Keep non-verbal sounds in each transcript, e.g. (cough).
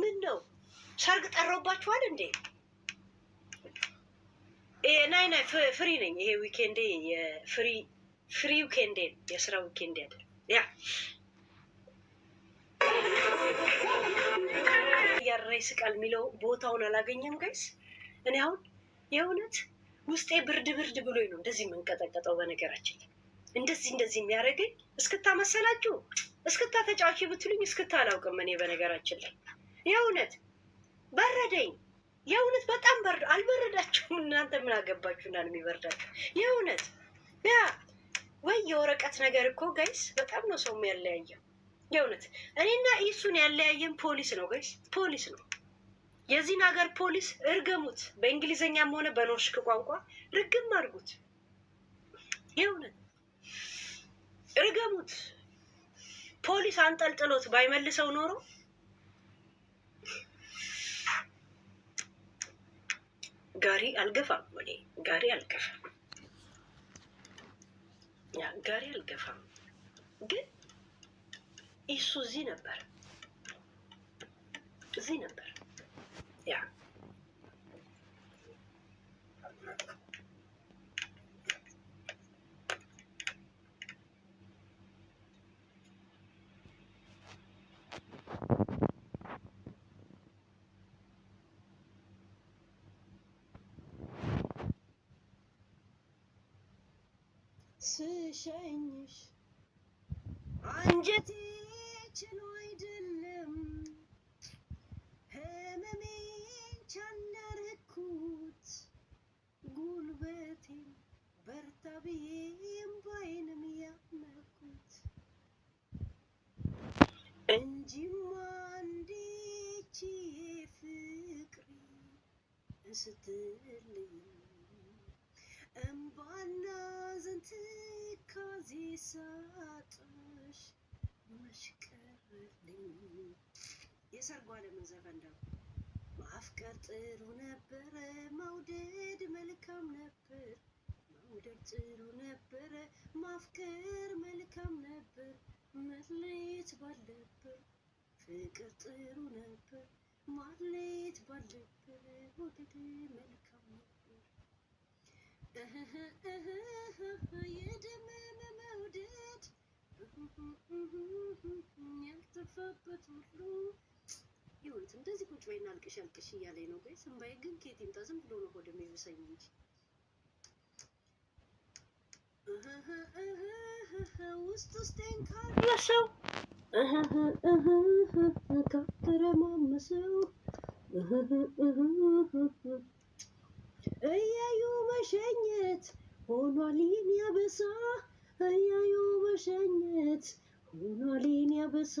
ምን ነው ሰርግ ጠራውባችኋል እንዴ? ናይ ናይ ፍሪ ነኝ። ይሄ ዊኬንዴ የፍሪ ፍሪ ዊኬንዴ የስራ ዊኬንዴ ያለ ያ ያረ ይስቃል የሚለው ቦታውን አላገኘም ጋይስ። እኔ አሁን የእውነት ውስጤ ብርድ ብርድ ብሎኝ ነው እንደዚህ የምንቀጠቀጠው በነገራችን እንደዚህ እንደዚህ የሚያደርገኝ እስክታ መሰላችሁ እስክታ ተጫዋች ብትሉኝ እስክታ አላውቅም እኔ በነገራችን ላይ የእውነት በረደኝ የእውነት በጣም በር አልበረዳችሁም እናንተ ምን አገባችሁ ነው የሚበርዳችሁ የእውነት ያ ወይ የወረቀት ነገር እኮ ጋይስ በጣም ነው ሰው ያለያየው የእውነት እኔና እሱን ያለያየን ፖሊስ ነው ጋይስ ፖሊስ ነው የዚህን ሀገር ፖሊስ እርገሙት በእንግሊዝኛም ሆነ በኖርሽክ ቋንቋ ርግም አድርጉት የእውነት እርገሙት። ፖሊስ አንጠልጥሎት ባይመልሰው ኖሮ ጋሪ አልገፋም፣ ወደ ጋሪ አልገፋም፣ ያ ጋሪ አልገፋም። ግን እሱ እዚህ ነበር፣ እዚህ ነበር ያ ስሸኝሽ አንጀቴ ችሎ አይደለም ህመሜን ቻላረኩት ጉልበቴን በርታ ብዬ እምባዬንም ያመኩት እንጂማ እንዴች ፍቅሬ ስትልኝ እምባና ዘንትካዜ ሳጥሽ መሽቀርልኝ የሰርጉ ዓለምን ማፍቀር ጥሩ ነበረ፣ መውደድ መልካም ነበር። መውደድ ጥሩ ነበረ፣ ማፍቀር መልካም ነበር። መለየት ባልነበር፣ ፍቅር ጥሩ ነበር። ማለየት ባልነበር፣ መውደድ መልካም የደም መውደድ ያልተፋበት ሁሉ ይሁንት። እንደዚህ ቁጭ በይና አልቅሽ አልቅሽ እያለኝ ነው። ቆይ ስንባዬ ግን ኬት ይምጣ? ዝም ብሎ ነው ሆድ የሚብሰኝ እንጂ ውስጥ ውስጤን ካረሰው ካተረማመሰው እያዩ መሸኘት ሆኗል ይህን ያበሳ እያዩ መሸኘት ሆኗል ይህን ያበሳ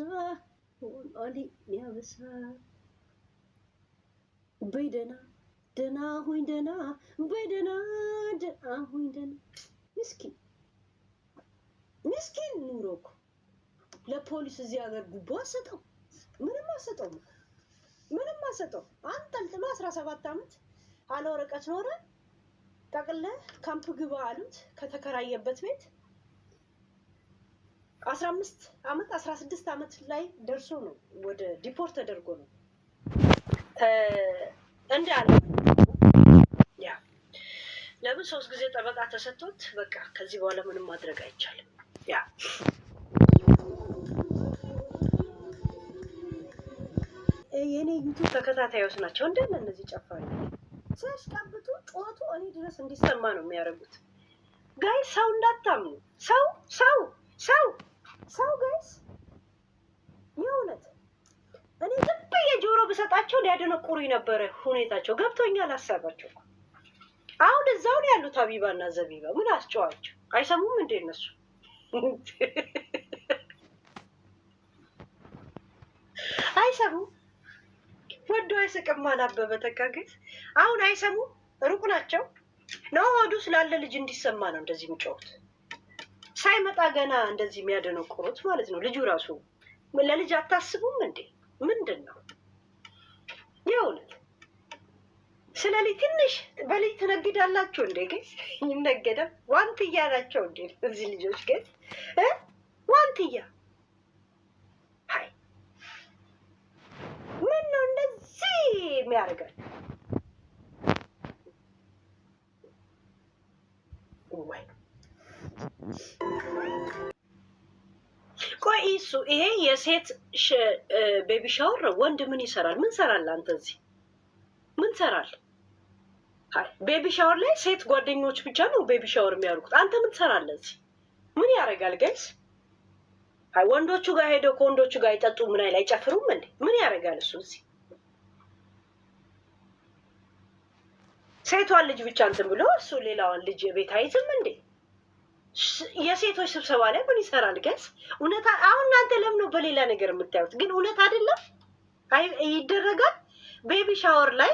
ሆኗል ይህን ያበሳ በይ ደና ደና ሁኝ ደና በይ ደና ደና ሁኝ ደና ምስኪን ምስኪን ኑሮ እኮ ለፖሊስ እዚህ ሀገር ጉቦ አሰጠው ምንም አሰጠው ምንም አሰጠው አንጠልጥሎ አስራ ሰባት ዓመት አለ ወረቀት ኖረ ጠቅለ ካምፕ ግባ አሉት። ከተከራየበት ቤት አስራ አምስት አመት አስራ ስድስት አመት ላይ ደርሶ ነው ወደ ዲፖርት ተደርጎ ነው አለ ያ ለምን ሶስት ጊዜ ጠበቃ ተሰጥቶት በቃ ከዚህ በኋላ ምንም ማድረግ አይቻልም። ያ የእኔ ዩቱብ ተከታታዮች ናቸው እንዳለ እነዚህ ጨፋሪ ሲያሽቃብጡ ጩኸቱ እኔ ድረስ እንዲሰማ ነው የሚያደርጉት። ጋይ ሰው እንዳታምኑ። ሰው ሰው ሰው ሰው ጋይስ የእውነት እኔ ዝም ብዬ ጆሮ ብሰጣቸው ሊያደነቁሩ ነበረ ሁኔታቸው። ገብቶኛል ሀሳባቸው። አሁን እዛው ነው ያሉት ሀቢባና ዘቢባ። ምን አስጨዋቸው? አይሰሙም እንዴ እነሱ? አይሰሙም ወዶ አይስቅም። ማናበበ ተካገዝ አሁን አይሰሙ ሩቅ ናቸው ነው ወዱ ስላለ ልጅ እንዲሰማ ነው እንደዚህ የሚጫወት ሳይመጣ ገና እንደዚህ የሚያደነቁሩት ማለት ነው። ልጁ ራሱ ለልጅ አታስቡም እንዴ? ምንድን ነው የእውነት ስለ ልጅ ትንሽ በልጅ ትነግዳላችሁ እንዴ? ግን ይነገዳል። ዋንትያ ናቸው እንዴ እዚህ ልጆች ግን ዋንትያ የሚያደርገን። ቆይ እሱ ይሄ የሴት ቤቢ ሻወር ወንድ ምን ይሰራል? ምን ሰራል? አንተ እዚህ ምን ሰራል? ቤቢ ሻወር ላይ ሴት ጓደኞች ብቻ ነው ቤቢ ሻወር የሚያደርጉት። አንተ ምን ትሰራለ? እዚህ ምን ያደርጋል? ጋይስ ወንዶቹ ጋር ሄደው ከወንዶቹ ጋር ይጠጡ ምን አይጨፍሩም እንዴ? ምን ያደርጋል እሱ እዚህ? ሴቷን ልጅ ብቻ እንትን ብሎ እሱ ሌላዋን ልጅ ቤት አይዝም እንዴ? የሴቶች ስብሰባ ላይ ምን ይሰራል? ገስ እውነት አሁን እናንተ ለምነው በሌላ ነገር የምታዩት? ግን እውነት አይደለም ይደረጋል። ቤቢ ሻወር ላይ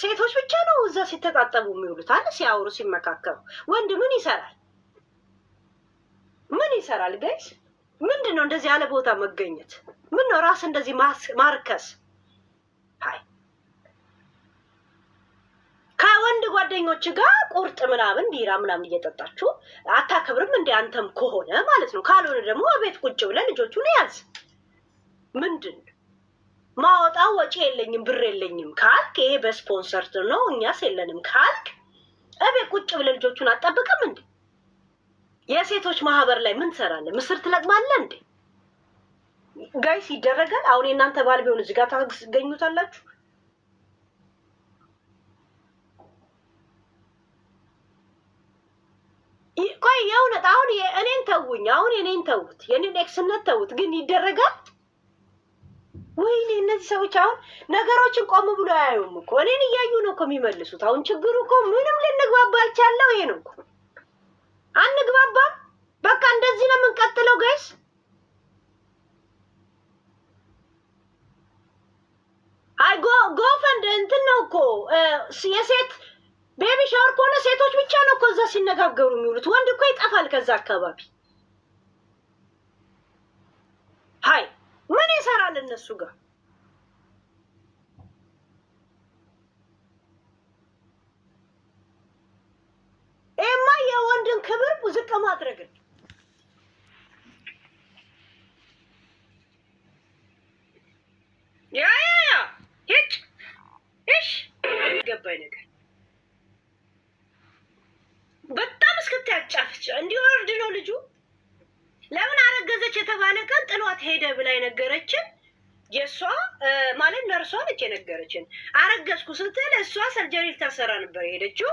ሴቶች ብቻ ነው እዛ ሲተጣጠቡ የሚውሉት አለ ሲያወሩ ሲመካከሩ። ወንድ ምን ይሰራል? ምን ይሰራል? ገስ ምንድን ነው እንደዚህ ያለ ቦታ መገኘት? ምን ነው ራስ እንደዚህ ማርከስ ከጓደኞች ጋር ቁርጥ ምናምን ቢራ ምናምን እየጠጣችሁ አታከብርም እንደ አንተም ከሆነ ማለት ነው። ካልሆነ ደግሞ ቤት ቁጭ ብለህ ልጆቹን ያዝ። ምንድን ማወጣው ወጪ የለኝም ብር የለኝም ካልክ፣ ይሄ በስፖንሰር ነው እኛስ የለንም ካልክ፣ እቤት ቁጭ ብለህ ልጆቹን አጠብቅም እንዴ? የሴቶች ማህበር ላይ ምን ትሰራለህ? ምስር ትለቅማለህ እንዴ? ጋይስ ይደረጋል። አሁን የእናንተ ባል ቢሆን እዚህ ጋር ታገኙታላችሁ። የእውነት አሁን እኔን ተውኝ፣ አሁን እኔን ተውት፣ የኔን ኤክስነት ተውት። ግን ይደረጋል። ወይኔ እነዚህ ሰዎች አሁን ነገሮችን ቆም ብሎ አያዩም እኮ እኔን እያዩ ነው እኮ የሚመልሱት። አሁን ችግሩ እኮ ምንም ልንግባባ አልቻለው። ይሄ ነው እኮ አንግባባም። በቃ እንደዚህ ነው የምንቀጥለው ጋይስ። አይ ጎ ጎፈንድ እንትን ነው እኮ የሴት ቤቢ ሻወር ከሆነ ሴቶች ብቻ ነው እኮ እዛ ሲነጋገሩ የሚውሉት። ወንድ እኮ ይጠፋል ከዛ አካባቢ። ሀይ ምን ይሰራል እነሱ ጋር? ይሄማ የወንድን ክብር ዝቅ ማድረግን ያ ያ ያ ይሽ ገባኝ ነገር በጣም እስክታያጫፍች እንዲወርድ ነው ልጁ። ለምን አረገዘች የተባለ ቀን ጥሏት ሄደ ብላ የነገረችን የእሷ ማለት ነርሷ ነች የነገረችን። አረገዝኩ ስትል እሷ ሰርጀሪ ልታሰራ ነበር የሄደችው።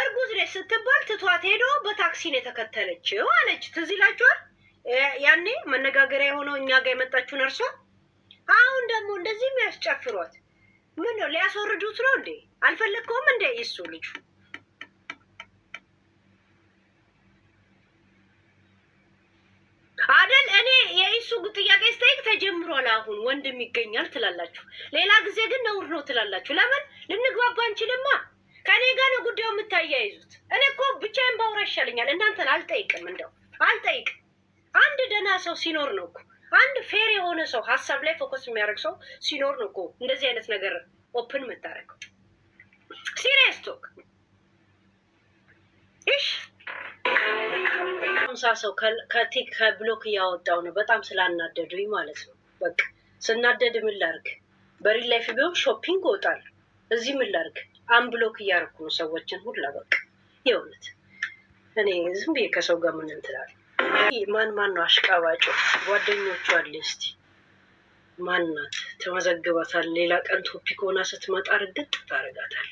እርጉዝ ነች ስትባል ትቷት ሄዶ በታክሲ ነው የተከተለችው አለች። ትዝ ይላችኋል? ያኔ መነጋገሪያ የሆነው እኛ ጋር የመጣችሁ ነርሷ። አሁን ደግሞ እንደዚህ የሚያስጨፍሯት ምን ነው? ሊያስወርዱት ነው እንዴ? አልፈለግከውም እንዴ? ይሱ ልጁ አደል እኔ የኢሱ ጥያቄ ስጠይቅ ተጀምሯል። አሁን ወንድም ይገኛል ትላላችሁ፣ ሌላ ጊዜ ግን ነውር ነው ትላላችሁ። ለምን ልንግባባ አንችልማ? ከኔ ጋር ነው ጉዳዩ የምታያይዙት። እኔ እኮ ብቻዬን ባውራ ይሻለኛል። እናንተን አልጠይቅም፣ እንደው አልጠይቅም። አንድ ደህና ሰው ሲኖር ነው እኮ አንድ ፌር የሆነ ሰው ሀሳብ ላይ ፎከስ የሚያደርግ ሰው ሲኖር ነው እኮ እንደዚህ አይነት ነገር ኦፕን የምታደርገው ሲሪየስ ቶክ ሳ ሰው ከቲክ ከብሎክ እያወጣው ነው። በጣም ስላናደዱኝ ማለት ነው። በቃ ስናደድ ምን ላርግ? በሪል ላይፍ ቢሆን ሾፒንግ ወጣል። እዚህ ምን ላርግ? ብሎክ እያደረኩ ነው ሰዎችን ሁላ። በቃ የእውነት እኔ ዝም ብዬ ከሰው ጋር ምን እንትላል። ማን ማን ነው አሽቃባጮ? ጓደኞቹ አለ እስቲ ናት? ተመዘግባታል። ሌላ ቀን ቶፒክ ሆና ስትመጣ ርግጥ ታደርጋታል።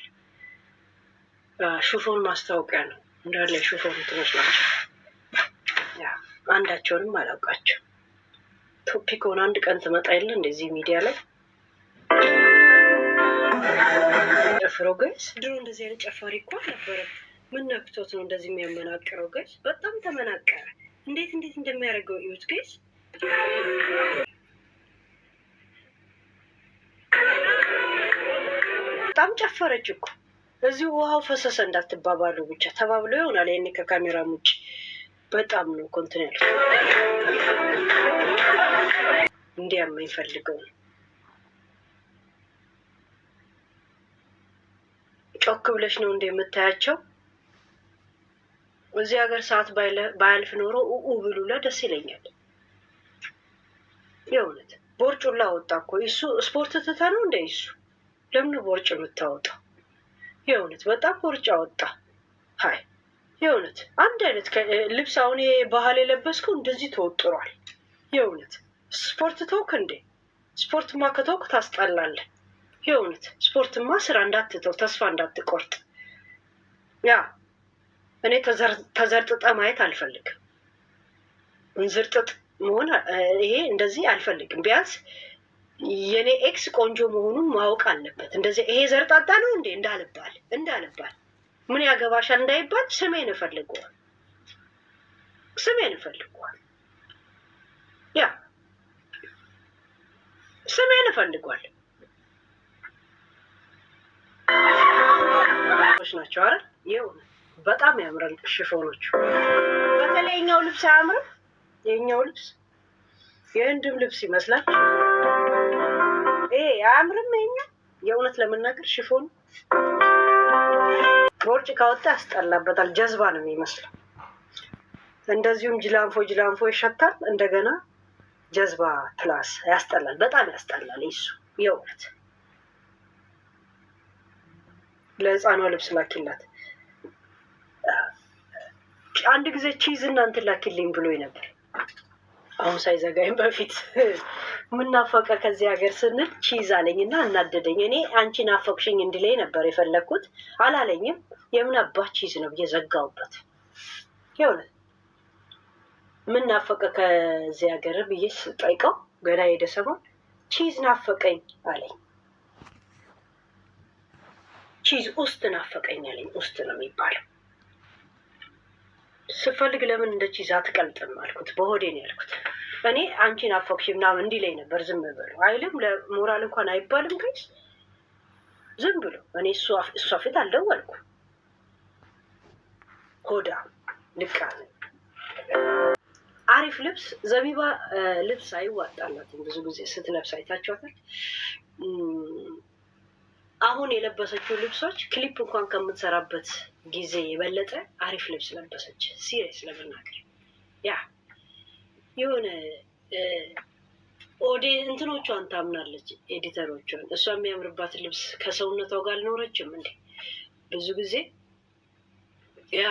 ሹፎን ማስታወቂያ ነው እንዳለ ሹፌር እንትኖች ናቸው። አንዳቸውንም አላውቃቸው። ቶፒክ ሆነ አንድ ቀን ትመጣ የለ እንደዚህ ሚዲያ ላይ ጨፍሮ ገይስ። ድሮ እንደዚህ አይነት ጨፋሪ እኮ አልነበረም። ምን ነክቶት ነው እንደዚህ የሚያመናቀረው? ገይስ? በጣም ተመናቀረ። እንዴት እንዴት እንደሚያደርገው እዩት ገይስ። በጣም ጨፈረች እኮ እዚሁ ውሃው ፈሰሰ እንዳትባባሉ ብቻ ተባብሎ ይሆናል። ይህን ከካሜራ ውጭ በጣም ነው ኮንትን ያለ እንዲያመኝ ነው። ጮክ ብለሽ ነው እንደ የምታያቸው። እዚህ ሀገር ሰዓት ባያልፍ ኖሮ ኡ ብሉላ ደስ ይለኛል። የእውነት ቦርጩላ ወጣ እኮ ይሱ ስፖርት ትተ ነው እንደ ይሱ ለምን ቦርጭ የምታወጣው? የእውነት በጣም ቦርጫ ወጣ። ሀይ የእውነት አንድ አይነት ልብስ አሁን ባህል የለበስኩ እንደዚህ ተወጥሯል። የእውነት ስፖርት ተውክ እንዴ? ስፖርትማ ከተውክ ታስጠላለህ። የእውነት ስፖርትማ ስራ እንዳትተው ተስፋ እንዳትቆርጥ። ያ እኔ ተዘርጥጠ ማየት አልፈልግም። እንዝርጥጥ መሆን ይሄ እንደዚህ አልፈልግም ቢያንስ የኔ ኤክስ ቆንጆ መሆኑን ማወቅ አለበት። እንደዚህ ይሄ ዘርጣጣ ነው እንዴ እንዳልባል እንዳልባል ምን ያገባሻል እንዳይባል ስሜን እፈልገዋል ስሜን እፈልገዋል ያ ስሜን እፈልጓል ናቸው አይደል? ይኸውልህ በጣም ያምራል ሽፎኖቹ። በተለይ የኛው ልብስ አያምርም? የኛው ልብስ የህንድም ልብስ ይመስላል። አያምርም። የእውነት ለመናገር ሽፎን ቦርጭ ካወጣ ያስጠላበታል። ጀዝባ ነው የሚመስለው። እንደዚሁም ጅላንፎ ጅላንፎ ይሸታል። እንደገና ጀዝባ ፕላስ ያስጠላል፣ በጣም ያስጠላል። ይሱ የእውነት ለህፃኗ ልብስ ላኪላት። አንድ ጊዜ ቺዝ እናንትን ላኪልኝ ብሎኝ ነበር። አሁን ሳይዘጋኝ በፊት ምናፈቀ ከዚህ ሀገር ስንል ቺዝ አለኝ እና እናደደኝ። እኔ አንቺ ናፈቅሽኝ እንዲለኝ ነበር የፈለግኩት አላለኝም። የምን አባት ቺዝ ነው እየዘጋውበት ዘጋሁበት። ምናፈቀ ከዚህ ሀገር ብዬ ስጠይቀው ገና ሄደ ሰሞን ቺዝ ናፈቀኝ አለኝ። ቺዝ ውስጥ ናፈቀኝ አለኝ። ውስጥ ነው የሚባለው ስፈልግ ለምን እንደች ይዛ ትቀልጥም አልኩት። በሆዴ ነው ያልኩት እኔ አንቺን አፎክሽ ምናምን እንዲህ ላይ ነበር። ዝም ብሎ አይልም፣ ለሞራል እንኳን አይባልም። ከይስ ዝም ብሎ እኔ እሷ ፊት አልደወልኩ። ሆዳ ንቃለ አሪፍ ልብስ ዘቢባ ልብስ አይዋጣላትም። ብዙ ጊዜ ስትለብስ አይታችኋታል። አሁን የለበሰችው ልብሶች ክሊፕ እንኳን ከምትሰራበት ጊዜ የበለጠ አሪፍ ልብስ ለበሰች። ሲሪየስ ለመናገር ያ የሆነ ኦዴ እንትኖቿን ታምናለች፣ ኤዲተሮቿን። እሷ የሚያምርባት ልብስ ከሰውነቷ ጋር አልኖረችም እንዴ ብዙ ጊዜ ያ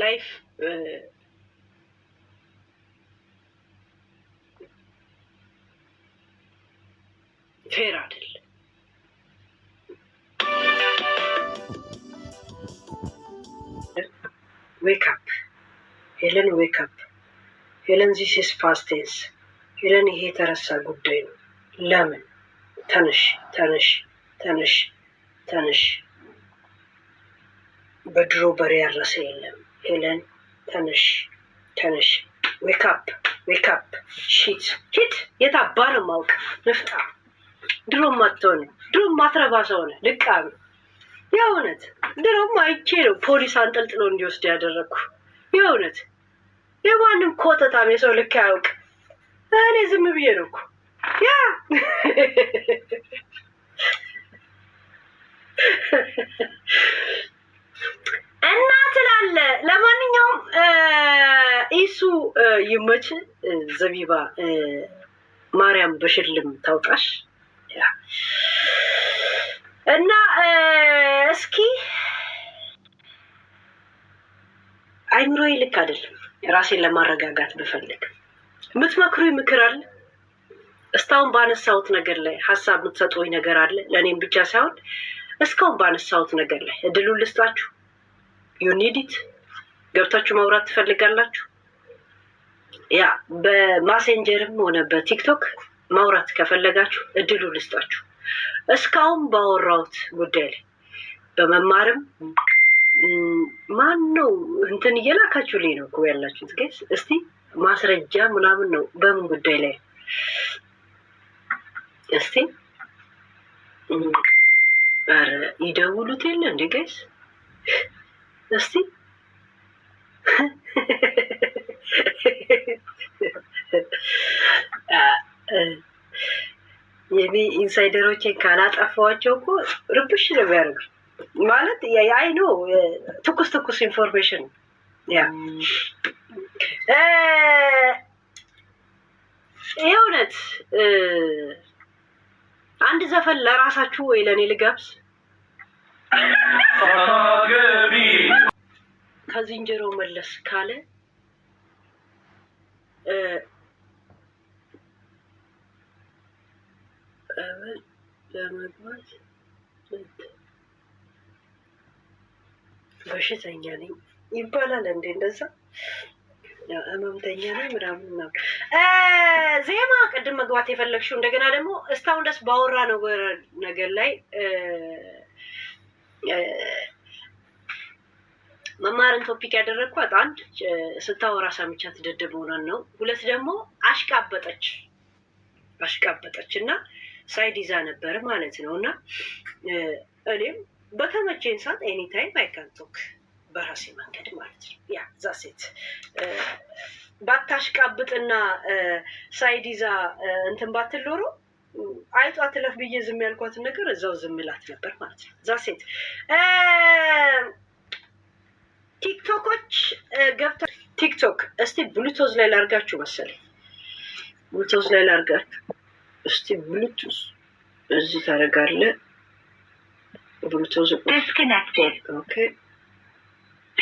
ላይፍ ፌር አይደለም። ዌክ አፕ ሄለን፣ ዌክ አፕ ሄለን፣ ዚስ ኢዝ ፓስቴንስ ሄለን፣ ይሄ የተረሳ ጉዳይ ነው። ለምን ተነሽ ተነሽ ተነሽ ተነሽ። በድሮ በሬ ያረሰ የለም። ሄለን ተነሽ ተነሽ፣ ዌክፕ ዌክፕ ሺት ሂድ። የታባር ማውቅ ንፍጣ ድሮም አትሆን ድሮም ማትረባ ሰው ሆነ ልቃሚ የእውነት ድሮም አይቼ ነው ፖሊስ አንጠልጥሎ እንዲወስድ ያደረግኩ። የእውነት የማንም ኮተታም የሰው ልክ አያውቅ። እኔ ዝም ብዬ ነው እኮ ያ (laughs) እና ትላለ። ለማንኛውም ኢሱ ይመች፣ ዘቢባ ማርያም በሽልም ታውጣሽ እና እስኪ አይምሮ ልክ አይደለም። ራሴን ለማረጋጋት ብፈልግ የምትመክሩ ምክር አለ? እስካሁን ባነሳሁት ነገር ላይ ሀሳብ የምትሰጡኝ ነገር አለ? ለእኔም ብቻ ሳይሆን እስካሁን ባነሳሁት ነገር ላይ እድሉን ልስጣችሁ። ዩ ገብታችሁ መውራት ትፈልጋላችሁ። ያ በማሴንጀርም ሆነ በቲክቶክ ማውራት ከፈለጋችሁ እድሉ ልስጣችሁ። እስካሁን ባወራሁት ጉዳይ ላይ በመማርም ማን ነው እንትን እየላካችሁ ላይ ነው እኮ ያላችሁት ጋይስ። እስቲ ማስረጃ ምናምን ነው በምን ጉዳይ ላይ እስቲ ይደውሉት የለ እንዴ ጋይስ እስቲ የኔ ኢንሳይደሮቼን ካላጠፋዋቸው እኮ ርብሽ ነው የሚያደርጉ። ማለት አይ ኖ ትኩስ ትኩስ ኢንፎርሜሽን ያ የእውነት አንድ ዘፈን ለራሳችሁ ወይ ለእኔ ልጋብዝ። ከዝንጀሮ መለስ ካለ ለመግባት በሽተኛ ነኝ ይባላል እንዴ? እንደዛ ህመምተኛ ነኝ ምናምን ምናምን። ዜማ ቅድም መግባት የፈለግሽው እንደገና ደግሞ እስካሁን ደስ ባወራ ነገር ላይ መማርን ቶፒክ ያደረግኳት አንድ ስታወራ ሰምቻ ትደደብ ሆነን ነው። ሁለት ደግሞ አሽቃበጠች አሽቃበጠች እና ሳይዲዛ ነበር ማለት ነው። እና እኔም በተመቼን ሰዓት ኤኒታይም አይካንቶክ በራሴ መንገድ ማለት ነው። ያ እዛ ሴት ባታሽቃብጥና ሳይዲዛ እንትን ባትል አይጧ ትለፍ ብዬ ዝም ያልኳትን ነገር እዛው ዝም እላት ነበር ማለት ነው። እዛ ሴት ቲክቶኮች ገብታ ቲክቶክ እስቲ ብሉቱዝ ላይ ላርጋችሁ መሰለኝ፣ ብሉቱዝ ላይ ላርጋችሁ። እስቲ ብሉቱዝ እዚህ ታደርጋለህ። ብሉቱዝ ዲስኮኔክትድ። ኦኬ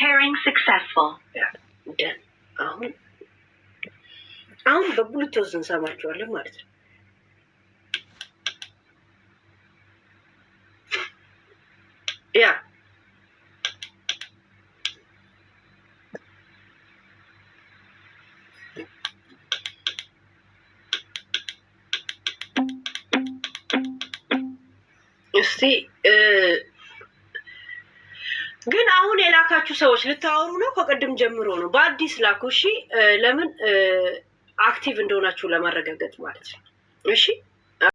ፔሪንግ ሰክሰስፉል። አሁን አሁን በብሉቱዝ እንሰማችኋለን ማለት ነው። ያ እስቲ ግን አሁን የላካችሁ ሰዎች ልታወሩ ነው? ከቅድም ጀምሮ ነው። በአዲስ ላኩ። እሺ፣ ለምን አክቲቭ እንደሆናችሁ ለማረጋገጥ ማለት ነው። እሺ